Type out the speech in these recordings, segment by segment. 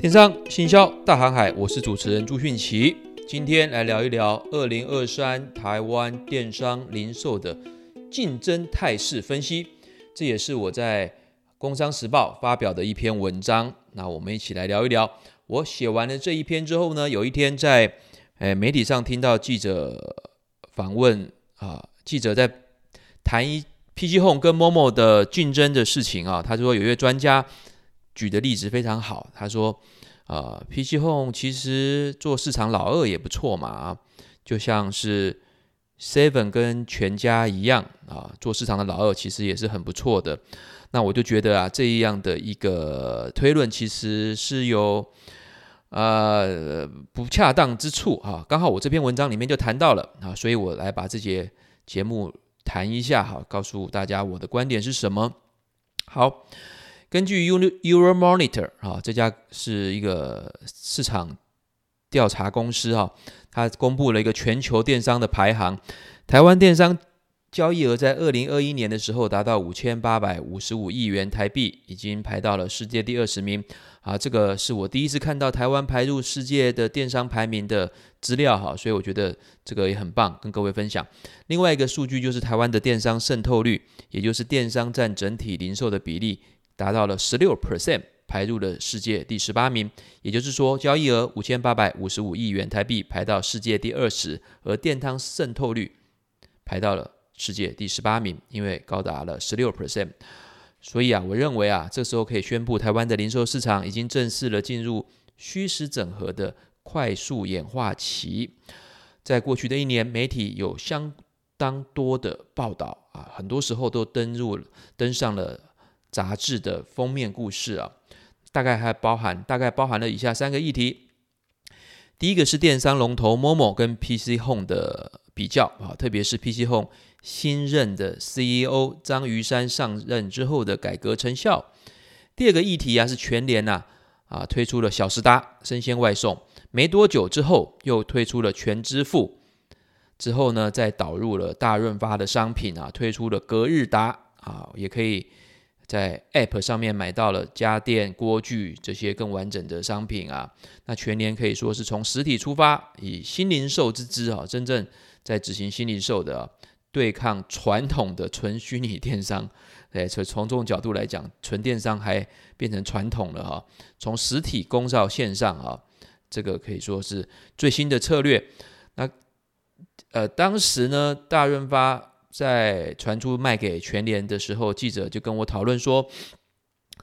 電商、新消大航海，我是主持人朱迅奇，今天來聊一聊二零二三台灣電商零售的競爭態勢分析，這也是我在工商時報發表的一篇文章。那我們一起來聊一聊。我寫完了這一篇之後呢，有一天在誒、哎，媒體上聽到記者訪問啊，記者在談一 PChome 跟 Momo 的競爭的事情啊，他說有些專家。舉的例子非常好，他說：“啊，呃，PChome 其實做市場老二也不錯嘛，就像是 Seven 跟全家一樣啊，做市場的老二其實也是很不錯的。”那我就覺得啊，這樣的一個推論其實是有呃不恰當之處啊。剛好我這篇文章裡面就談到了啊，所以我來把這節節目談一下哈，告訴大家我的觀點是什麼。好。根據 Euromonitor 啊，這家是一個市場調查公司哈，它公布了一個全球電商的排行。台灣電商交易額在二零二一年的時候達到五千八百五十五億元台幣，已經排到了世界第二十名啊。這個是我第一次看到台灣排入世界的電商排名的資料哈，所以我覺得這個也很棒，跟各位分享。另外一個數據就是台灣的電商滲透率，也就是電商占整體零售的比例。達到了十六 percent，排入了世界第十八名，也就是說，交易額五千八百五十五億元台幣排到世界第二十，而電商滲透率排到了世界第十八名，因為高達了十六 percent，所以啊，我認為啊，這時候可以宣布，台灣的零售市場已經正式了進入虛實整合的快速演化期。在過去的一年，媒體有相當多的報道啊,很多時候都登入登上了。雜誌的封面故事啊，大概還包含大概包含了以下三個議題：第一個是電商龍頭 momo 跟 PC Home 的比較啊，特別是 PC Home 新任的 CEO 張瑜珊上任之後的改革成效。第二個議題啊是全聯啊啊推出了小時達生鮮外送，沒多久之後又推出了全支付，之後呢再導入了大潤發的商品啊，推出了隔日達啊，也可以。在 App 上面買到了家電、鍋具這些更完整的商品啊。那全聯可以說是從實體出發，以新零售之姿啊，真正在執行新零售的對抗傳統的純虛擬電商。誒，從從這種角度來講，純電商還變成傳統了哈。從實體攻到線上啊，這個可以說是最新的策略。那呃，當時呢，大潤發。在傳出賣給全聯的時候，記者就跟我討論說，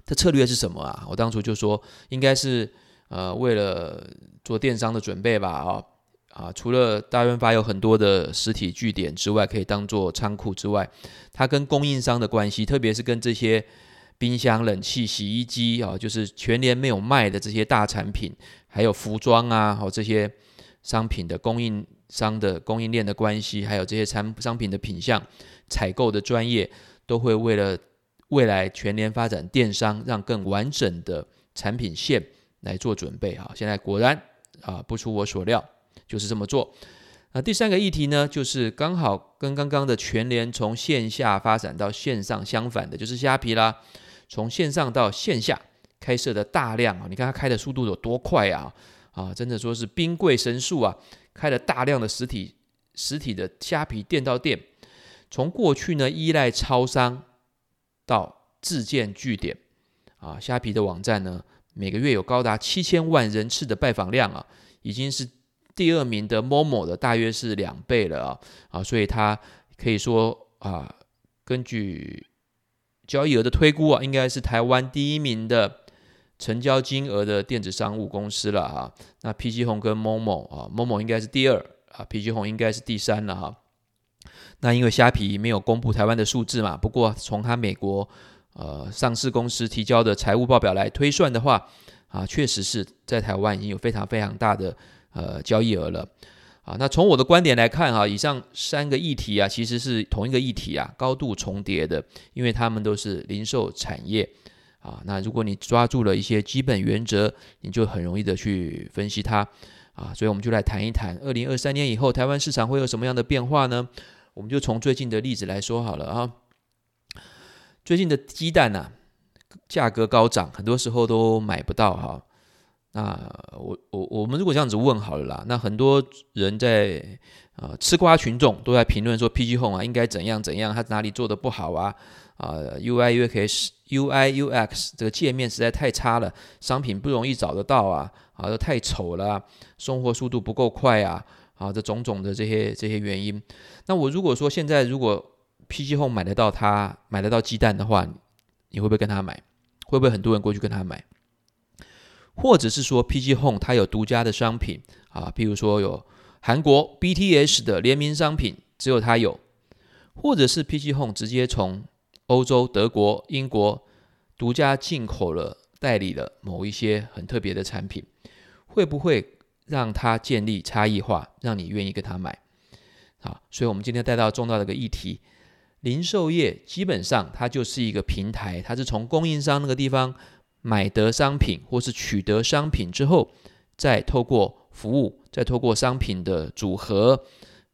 他策略是什麼啊？我當初就說，應該是呃為了做電商的準備吧，啊、哦、啊，除了大潤發有很多的實體據點之外，可以當做倉庫之外，它跟供應商的關係，特別是跟這些冰箱、冷氣、洗衣機啊、哦，就是全聯沒有賣的這些大產品，還有服裝啊，或、哦、這些商品的供應。商的供應鏈的關係，還有這些產商品的品項、採購的專業，都會為了未來全聯發展電商，讓更完整的產品線來做準備。哈，現在果然啊，不出我所料，就是這麼做。那第三個議題呢，就是剛好跟剛剛的全聯從線下發展到線上相反的，就是蝦皮啦，從線上到線下開設的大量啊，你看它開的速度有多快啊！啊，真的說是兵貴神速啊。開了大量的實體、實體的蝦皮店到店，從過去呢，依賴超商到自建據點，啊，蝦皮的網站呢，每個月有高達七千萬人次的拜訪量啊，已經是第二名的 Momo 的，大約是兩倍了啊，啊，所以它可以說啊，根據交易額的推估啊，應該是臺灣第一名的，成交金額的電子商務公司了啊。那 PChome 跟 momo 啊，momo 應該是第二啊，PChome 應該是第三了哈、啊。那因為蝦皮沒有公布台灣的數字嘛，不過從它美國呃上市公司提交的財務報表來推算的話啊，確實是在台灣已經有非常非常大的呃交易額了啊。那從我的觀點來看啊，以上三個議題啊，其實是同一個議題啊，高度重疊的，因為它們都是零售產業。啊，那如果你抓住了一些基本原則，你就很容易地去分析它，啊，所以我們就來談一談二零二三年以後台灣市場會有什麼樣的變化呢？我們就從最近的例子來說好了啊。最近的雞蛋呢、啊，價格高漲，很多時候都買不到哈、啊。那我我我們如果這樣子問好了啦，那很多人在。呃，吃瓜群眾都在評論說，PChome 啊，應該怎樣怎樣，它哪裡做得不好啊？啊、呃、UI UX UI UX 這個界面實在太差了，商品不容易找得到啊，啊，都太醜了，送貨速度不夠快啊，啊，這種種的這些這些原因。那我如果說現在如果 PChome 買得到它買得到雞蛋的話，你會不會跟他買？會不會很多人過去跟他買？或者是說 PChome 它有獨家的商品啊？比如說有。韓國 BTS 的聯名商品只有他有，或者是 PChome 直接從歐洲、德國、英國獨家進口了代理了某一些很特別的產品，會不會讓他建立差異化，讓你願意跟他買？好，所以我們今天帶到重大的一個議題，零售業基本上它就是一個平台，它是從供應商那個地方買得商品或是取得商品之後，再透過。服務，再透過商品的組合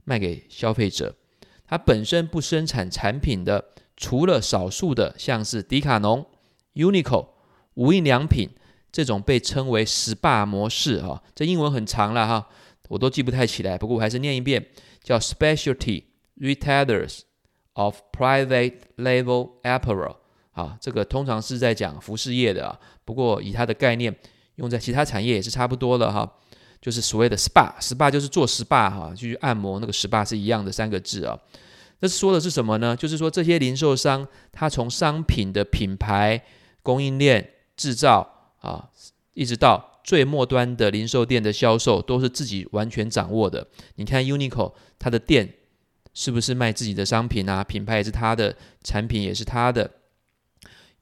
賣給消費者。它本身不生產產品的，除了少數的，像是迪卡儂、Uniqlo、無印良品這種被稱為 SPA 模式哈、哦，這英文很長了哈，我都記不太起來。不過我還是念一遍，叫 Specialty Retailers of Private Label Apparel 啊。這個通常是在講服飾業的，不過以它的概念用在其他產業也是差不多的哈。就是所謂的 SPA，SPA SPA 就是做 SPA 哈、啊，去按摩那個 SPA 是一樣的三個字啊。那說的是什麼呢？就是說，這些零售商，他從商品的品牌、供應鏈、製造啊，一直到最末端的零售店的銷售，都是自己完全掌握的。你看 Uniqlo 它的店是不是賣自己的商品啊？品牌也是它的產品，也是它的。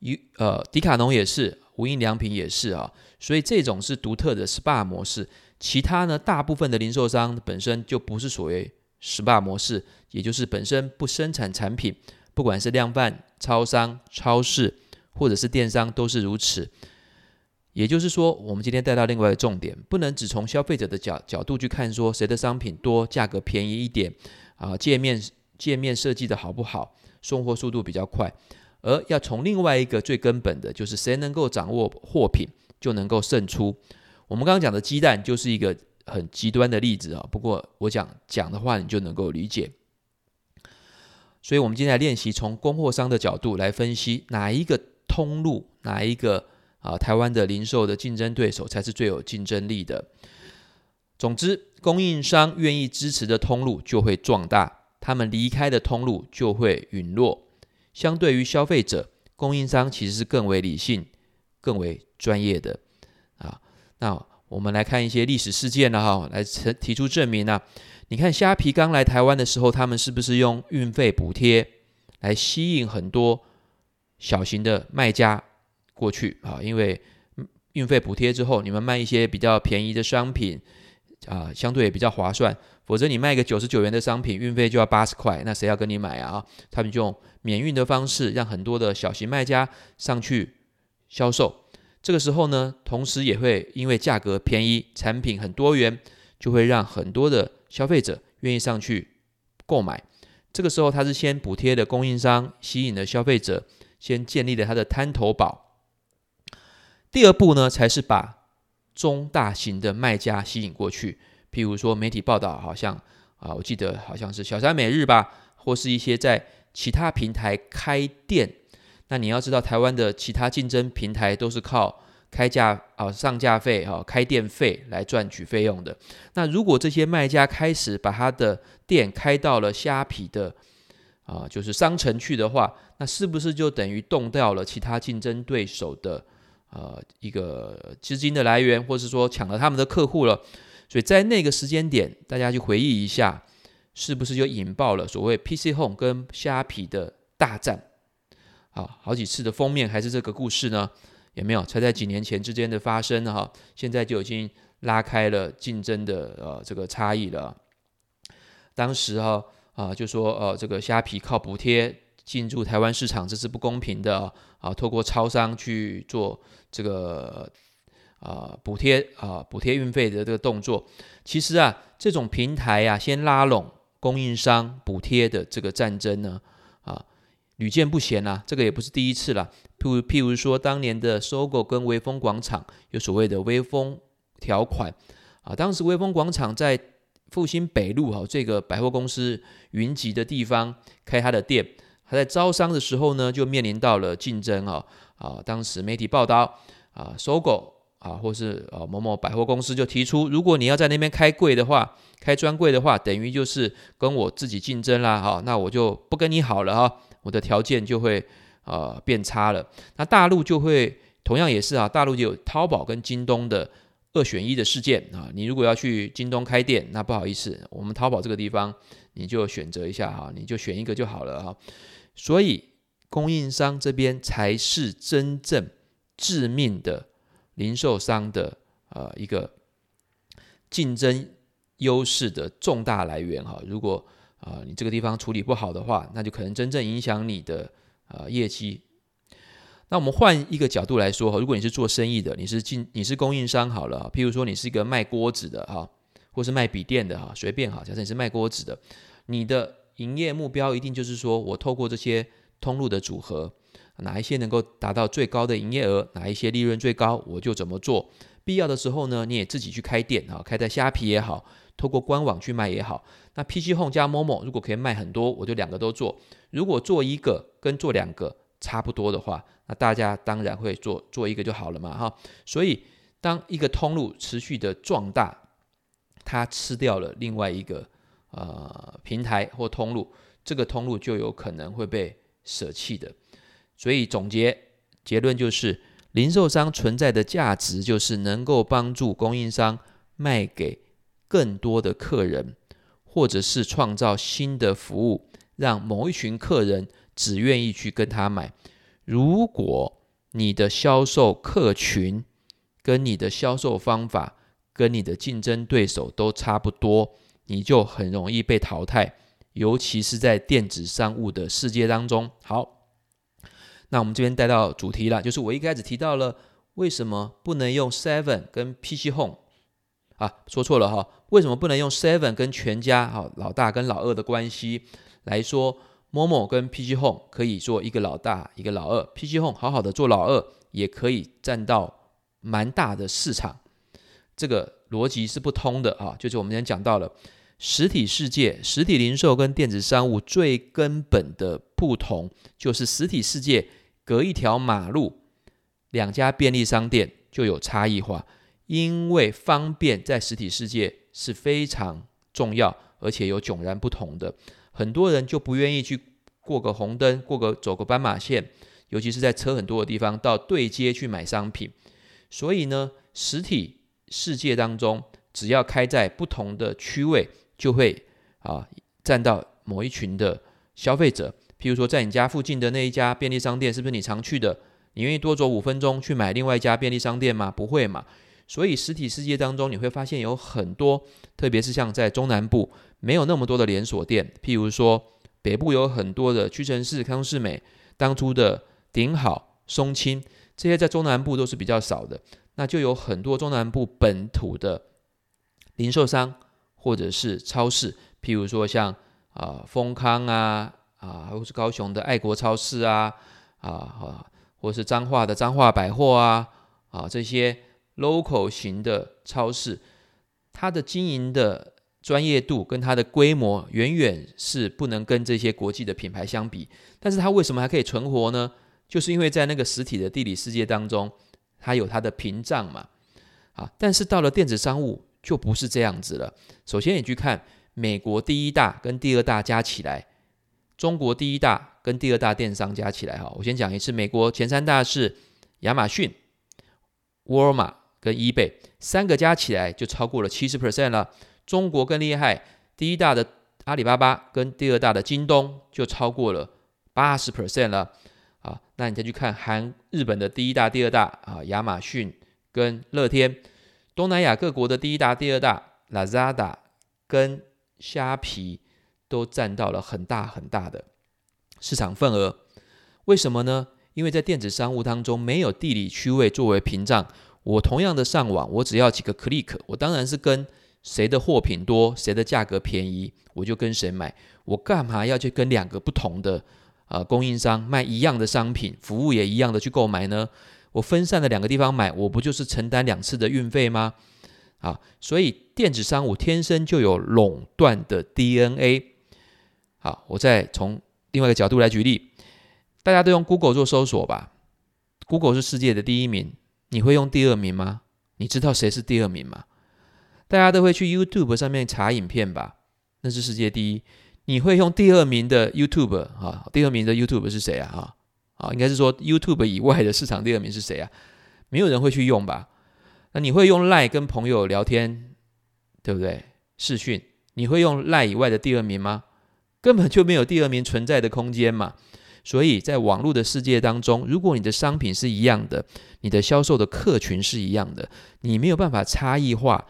U 呃，迪卡儂也是，無印良品也是啊。所以這種是獨特的 SPA 模式。其他呢？大部分的零售商本身就不是所謂 spa 模式，也就是本身不生產產品，不管是量販、超商、超市，或者是電商，都是如此。也就是說，我們今天帶到另外一個重點，不能只從消費者的角角度去看，說誰的商品多、價格便宜一點啊，界面界面設計的好不好，送貨速度比較快，而要從另外一個最根本的，就是誰能夠掌握貨品，就能夠勝出。我們剛剛講的雞蛋就是一個很極端的例子啊、哦。不過我講講的話，你就能夠理解。所以，我們今天來練習從供貨商的角度來分析哪一個通路，哪一個啊台灣的零售的競爭對手才是最有競爭力的。總之，供應商願意支持的通路就會壯大，他們離開的通路就會隕落。相對於消費者，供應商其實是更為理性、更為專業的。那我們來看一些歷史事件了哈、哦，來提提出證明呢、啊？你看蝦皮剛來台灣的時候，他們是不是用運費補貼來吸引很多小型的賣家過去啊？因為運費補貼之後，你們賣一些比較便宜的商品啊、呃，相對也比較划算。否則你賣個九十九元的商品，運費就要八十塊，那誰要跟你買啊？他們就用免運的方式，讓很多的小型賣家上去銷售。這個時候呢，同時也會因為價格便宜、產品很多元，就會讓很多的消費者願意上去購買。這個時候，他是先補貼的供應商，吸引了消費者，先建立了他的灘頭堡。第二步呢，才是把中大型的賣家吸引過去。譬如說，媒體報道好像啊，我記得好像是小三美日吧，或是一些在其他平台開店。那你要知道，台灣的其他競爭平台都是靠開價啊、上架費啊、開店費來賺取費用的。那如果這些賣家開始把他的店開到了蝦皮的啊，就是商城去的話，那是不是就等於動掉了其他競爭對手的呃、啊、一個資金的來源，或是說搶了他們的客戶了？所以在那個時間點，大家去回憶一下，是不是就引爆了所謂 PChome 跟蝦皮的大戰？好，好幾次的封面還是這個故事呢，也沒有，才在幾年前之間的發生哈、啊，現在就已經拉開了競爭的呃，這個差異了。當時哈啊、呃、就說呃這個蝦皮靠補貼進入台灣市場，這是不公平的啊，啊，透過超商去做這個啊、呃、補貼啊、呃、補貼運費的這個動作，其實啊這種平台啊先拉攏供應商補貼的這個戰爭呢啊。屢見不鮮啊，這個也不是第一次了。譬如譬如說，當年的 SOGO 跟微風廣場有所謂的微風條款啊，當時微風廣場在復興北路哈、啊、這個百貨公司雲集的地方開他的店，他在招商的時候呢就面臨到了競爭啊啊，當時媒體報道啊，SOGO。啊，或是呃某某百貨公司就提出，如果你要在那邊開櫃的話，開專櫃的話，等於就是跟我自己競爭啦，哈、啊，那我就不跟你好了哈、啊，我的條件就會呃、啊、變差了。那大陸就會同樣也是啊，大陸就有淘寶跟京東的二選一的事件啊。你如果要去京東開店，那不好意思，我們淘寶這個地方你就選擇一下哈、啊，你就選一個就好了哈、啊。所以供應商這邊才是真正致命的。零售商的呃一個競爭優勢的重大來源哈，如果啊，呃，你這個地方處理不好的話，那就可能真正影響你的呃業績。那我們換一個角度來說，如果你是做生意的，你是進你是供應商好了，譬如說你是一個賣鍋子的哈，或是賣筆電的哈，隨便哈，假設你是賣鍋子的，你的營業目標一定就是說我透過這些通路的組合。哪一些能夠達到最高的營業額，哪一些利潤最高，我就怎麼做。必要的時候呢，你也自己去開店啊，開在蝦皮也好，透過官網去賣也好。那 PChome 加 Momo 如果可以賣很多，我就兩個都做。如果做一個跟做兩個差不多的話，那大家當然會做做一個就好了嘛，哈。所以，當一個通路持續的壯大，它吃掉了另外一個呃平台或通路，這個通路就有可能會被捨棄的。所以總結結論就是，零售商存在的價值就是能夠幫助供應商賣給更多的客人，或者是創造新的服務，讓某一群客人只願意去跟他買。如果你的銷售客群跟你的銷售方法跟你的競爭對手都差不多，你就很容易被淘汰，尤其是在電子商務的世界當中。好。那我們這邊帶到主題了，就是我一開始提到了為什麼不能用 seven 跟 PChome 啊，說錯了哈、哦，為什麼不能用 seven 跟全家哈、啊，老大跟老二的關係來說，Momo 跟 PChome 可以做一個老大，一個老二，PChome 好好的做老二也可以佔到蠻大的市場，這個邏輯是不通的啊，就是我們今天講到了實體世界、實體零售跟電子商務最根本的不同，就是實體世界。隔一條馬路，兩家便利商店就有差異化，因為方便在實體世界是非常重要，而且有迥然不同的。很多人就不願意去過個紅燈，過個，走個斑馬線，尤其是在車很多的地方到對街去買商品。所以呢，實體世界當中，只要開在不同的區位，就會啊，佔到某一群的消費者。譬如說，在你家附近的那一家便利商店，是不是你常去的？你願意多走五分鐘去買另外一家便利商店嗎？不會嘛。所以實體世界當中，你會發現有很多，特別是像在中南部，沒有那麽多的連鎖店。譬如說，北部有很多的屈臣氏、康是美，當初的頂好、松青這些，在中南部都是比較少的。那就有很多中南部本土的零售商或者是超市，譬如說像啊、呃、楓康啊。啊，或是高雄的愛國超市啊，啊啊，或是彰化的彰化百貨啊，啊，這些 local 型的超市，它的經營的專業度跟它的規模遠遠是不能跟這些國際的品牌相比。但是它為什麼還可以存活呢？就是因為在那個實體的地理世界當中，它有它的屏障嘛。啊，但是到了電子商務就不是這樣子了。首先你去看，美國第一大跟第二大加起來。中國第一大跟第二大電商加起來，哈，我先講一次，美國前三大是亞馬遜、沃爾瑪跟 eBay，三個加起來就超過了七十 percent 了。中國更厲害，第一大的阿里巴巴跟第二大的京東就超過了八十 percent 了。啊，那你再去看韓、日本的第一大、第二大啊，亞馬遜跟樂天；東南亞各國的第一大、第二大，Lazada 跟蝦皮。都占到了很大很大的市場份額，為什麼呢？因為在電子商務當中，沒有地理區位作為屏障。我同樣的上網，我只要幾個 click，我當然是跟誰的貨品多，誰的價格便宜，我就跟誰買。我幹嘛要去跟兩個不同的呃、啊、供應商買一樣的商品，服務也一樣的去購買呢？我分散的兩個地方買，我不就是承擔兩次的運費嗎？啊，所以電子商務天生就有壟斷的 DNA。好，我再從另外一個角度來舉例，大家都用 Google 做搜索吧，Google 是世界的第一名，你會用第二名嗎？你知道誰是第二名嗎？大家都會去 YouTube 上面查影片吧，那是世界第一，你會用第二名的 YouTube 哈？第二名的 YouTube 是誰啊？哈，啊，應該是說 YouTube 以外的市場第二名是誰啊？沒有人會去用吧？那你會用賴跟朋友聊天，對不對？視訊，你會用賴以外的第二名嗎？根本就沒有第二名存在的空間嘛，所以在網絡的世界當中，如果你的商品是一樣的，你的銷售的客群是一樣的，你沒有辦法差異化，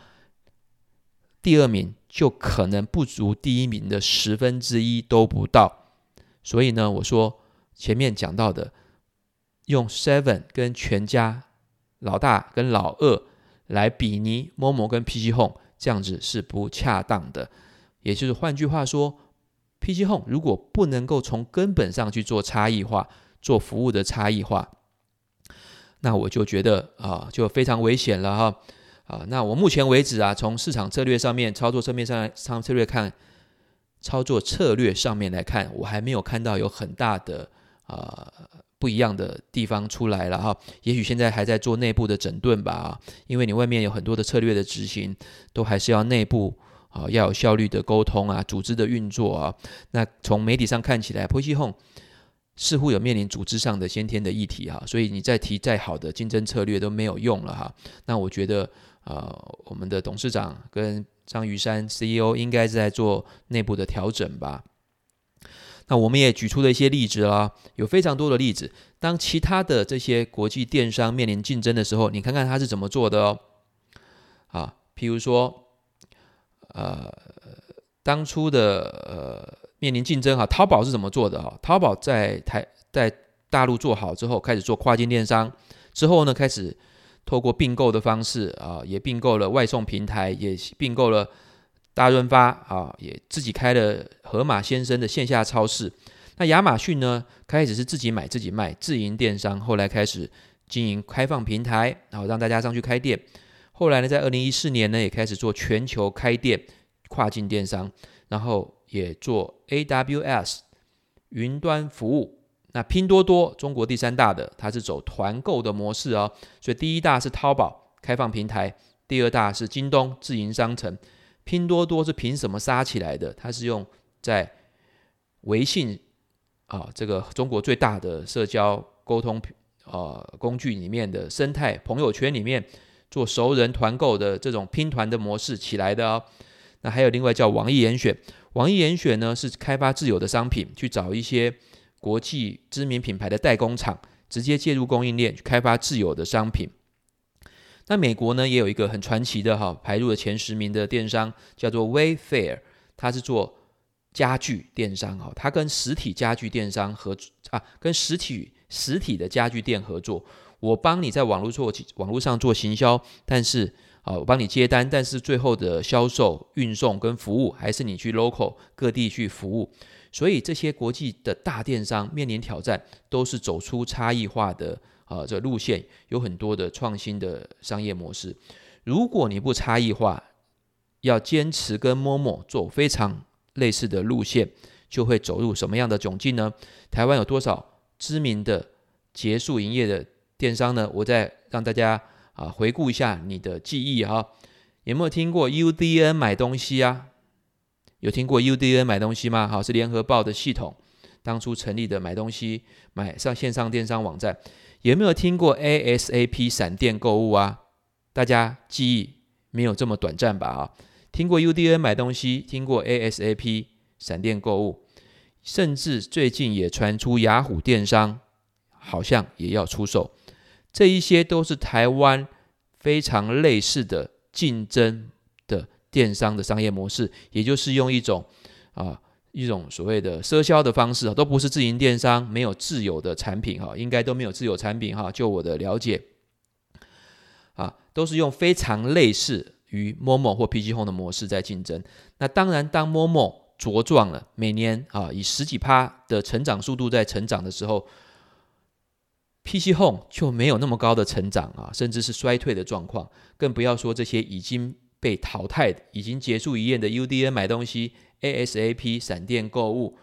第二名就可能不足第一名的十分之一都不到。所以呢，我說前面講到的，用 Seven 跟全家老大跟老二來比擬 momo 跟 PChome 這樣子是不恰當的，也就是換句話說。PChome 如果不能夠從根本上去做差異化，做服務的差異化，那我就覺得啊、呃，就非常危險了哈。啊、呃，那我目前為止啊，從市場策略上面、操作側面上、市場策略看、操作策略上面來看，我還沒有看到有很大的啊、呃、不一樣的地方出來了哈。也許現在還在做內部的整頓吧，因為你外面有很多的策略的執行，都還是要內部。啊、哦，要有效率的溝通啊，組織的運作啊。那從媒體上看起來 PChome 似乎有面臨組織上的先天的議題哈、啊，所以你再提再好的競爭策略都沒有用了哈、啊。那我覺得，呃，我們的董事長跟張瑜珊 CEO 應該是在做內部的調整吧。那我們也舉出了一些例子啦、啊，有非常多的例子。當其他的這些國際電商面臨競爭的時候，你看看他是怎麼做的哦。啊，譬如說。呃，當初的呃面臨競爭哈，淘寶是怎麼做的哈，淘寶在台在大陸做好之後，開始做跨境電商，之後呢，開始透過併購的方式啊、呃，也併購了外送平台，也併購了大潤發啊、呃，也自己開了盒馬鮮生的線下超市。那亞馬遜呢，開始是自己買自己賣自營電商，後來開始經營開放平台，然後讓大家上去開店。後來呢，在二零一四年呢，也開始做全球開店，跨境電商，然後也做 AWS 雲端服務。那拼多多，中國第三大的，它是走團購的模式哦。所以第一大是淘寶開放平台，第二大是京東自營商城。拼多多是憑什麼殺起來的？它是用在微信啊，這個中國最大的社交溝通啊、呃、工具裡面的生態朋友圈裡面。做熟人團購的這種拼團的模式起來的哦，那還有另外叫網易嚴選。網易嚴選呢是開發自有的商品，去找一些國際知名品牌的代工廠，直接介入供應鏈去開發自有的商品。那美國呢也有一個很傳奇的哈，排入了前十名的電商叫做 Wayfair，它是做家具電商哈，它跟實體家具電商合啊，跟實體實體的家具店合作。我幫你在網絡做網絡上做行銷，但是啊、呃，我幫你接單，但是最後的銷售、運送跟服務還是你去 local 各地去服務。所以這些國際的大電商面臨挑戰，都是走出差異化的啊、呃、這路線，有很多的創新的商業模式。如果你不差異化，要堅持跟 momo 做非常類似的路線，就會走入什麼樣的窘境呢？台灣有多少知名的結束營業的？電商呢，我再讓大家啊回顧一下你的記憶哈、哦，有沒有聽過 U D N 買東西啊？有聽過 U D N 買東西嗎？好，是聯合報的系統當初成立的買東西買上線上電商網站，有沒有聽過 A S A P 閃電購物啊？大家記憶沒有這麼短暫吧啊？聽過 U D N 買東西，聽過 A S A P 閃電購物，甚至最近也傳出雅虎電商。好像也要出售，這一些都是台灣非常類似的競爭的電商的商業模式，也就是用一種啊一種所謂的賒銷的方式啊，都不是自營電商，沒有自有的產品哈、啊，應該都沒有自有產品哈、啊，就我的了解，啊，都是用非常類似於 Momo 或 PChome 的模式在競爭。那當然，當 Momo 茁壯了，每年啊以十幾趴的成長速度在成長的時候，PC Home 就沒有那麼高的成長啊，甚至是衰退的狀況，更不要說這些已經被淘汰、已經結束營業的 UDN 買東西、ASAP 閃電購物，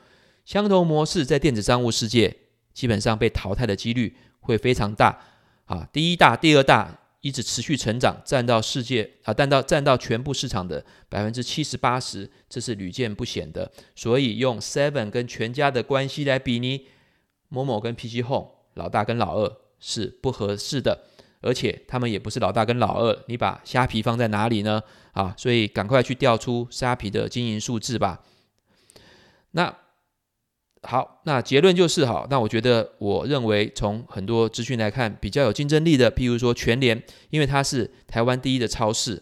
相同模式在電子商務世界基本上被淘汰的幾率會非常大啊。第一大、第二大一直持續成長，占到世界啊，占到占到全部市場的百分之七十八十，這是屢見不鮮的。所以用 Seven 跟全家的關係來比擬，momo 跟 PC Home。老大跟老二是不合適的，而且他們也不是老大跟老二。你把蝦皮放在哪裡呢？啊，所以趕快去調出蝦皮的經營數字吧。那好，那結論就是好。那我覺得，我認為從很多資訊來看，比較有競爭力的，譬如說全聯，因為它是台灣第一的超市，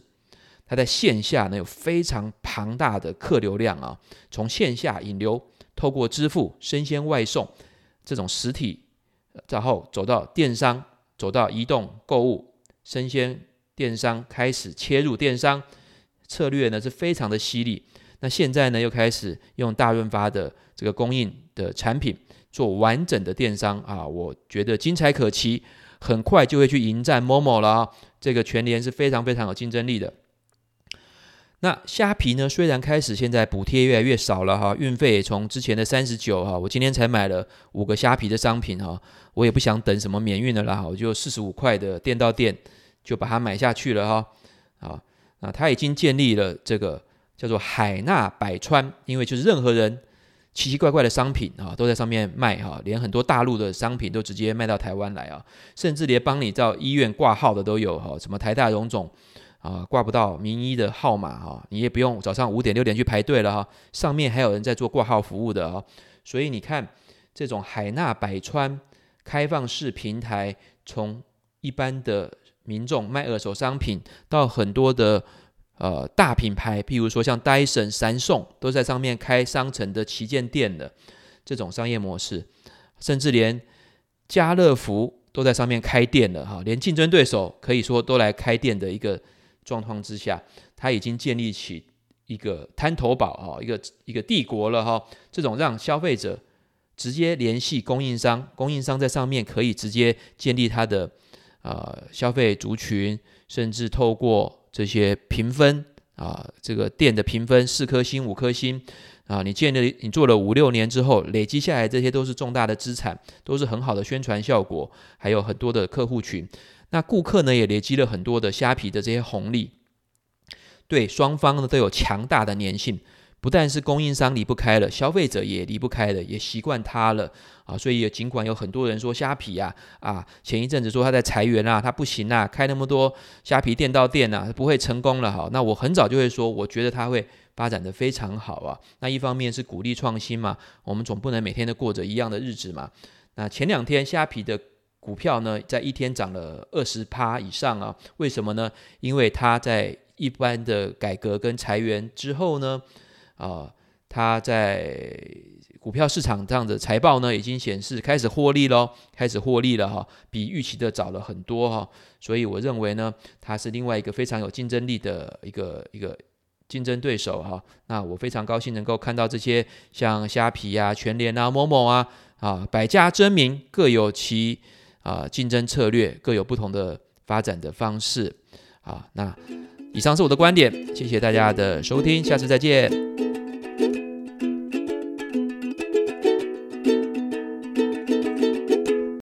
它在線下呢有非常龐大的客流量啊。從線下引流，透過支付、生鮮外送這種實體。然後走到電商，走到移動購物、生鮮電商，開始切入電商策略呢，是非常的犀利。那現在呢，又開始用大潤發的這個供應的產品做完整的電商啊，我覺得精彩可期，很快就會去迎戰 momo 了、哦。這個全聯是非常非常有競爭力的。那蝦皮呢，雖然開始現在補貼越來越少了哈、啊，運費也從之前的三十九哈，我今天才買了五個蝦皮的商品哈。啊我也不想等什麼免運的啦，我就四十五塊的店到店就把它買下去了哈、哦。啊啊，他已經建立了這個叫做“海納百川”，因為就是任何人奇奇怪怪的商品哈都在上面賣哈，連很多大陸的商品都直接賣到台灣來啊，甚至連幫你到醫院掛號的都有哈，什麼台大榮總啊掛不到名醫的號碼哈，你也不用早上五點六點去排隊了哈，上面還有人在做掛號服務的哈。所以你看這種海納百川。開放式平台從一般的民眾賣二手商品，到很多的呃大品牌，譬如說像戴森、三星都在上面開商城的旗艦店的這種商業模式，甚至連家樂福都在上面開店了哈，連競爭對手可以說都來開店的一個狀況之下，它已經建立起一個灘頭堡啊，一個一個帝國了哈，這種讓消費者。直接聯繫供應商，供應商在上面可以直接建立他的呃消費族群，甚至透過這些評分啊、呃,這個店的評分四顆星五顆星啊、呃,你建立你做了五六年之後累積下來，這些都是重大的資產，都是很好的宣傳效果，還有很多的客戶群。那顧客呢也累積了很多的蝦皮的這些紅利，對雙方呢都有強大的粘性。不但是供應商離不開了，消費者也離不開了，也習慣他了啊！所以也儘管有很多人說蝦皮啊啊，前一陣子說他在裁員啊，他不行啊，開那麼多蝦皮店到店啊，不會成功了哈。那我很早就會說，我覺得他會發展得非常好啊。那一方面是鼓勵創新嘛，我們總不能每天都過着一樣的日子嘛。那前兩天蝦皮的股票呢，在一天漲了二十趴以上啊。為什麼呢？因為他在一般的改革跟裁員之後呢。啊、哦，他在股票市場上的財報呢，已經顯示開始獲利嘍，開始獲利了哈、哦，比預期的早了很多哈、哦，所以我認為呢，他是另外一個非常有競爭力的一個一個競爭對手哈、哦。那我非常高興能夠看到這些像蝦皮啊、全聯啊、某某啊、啊百家爭鳴，各有其啊競爭策略，各有不同的發展的方式啊。那以上是我的觀點，謝謝大家的收聽，下次再見。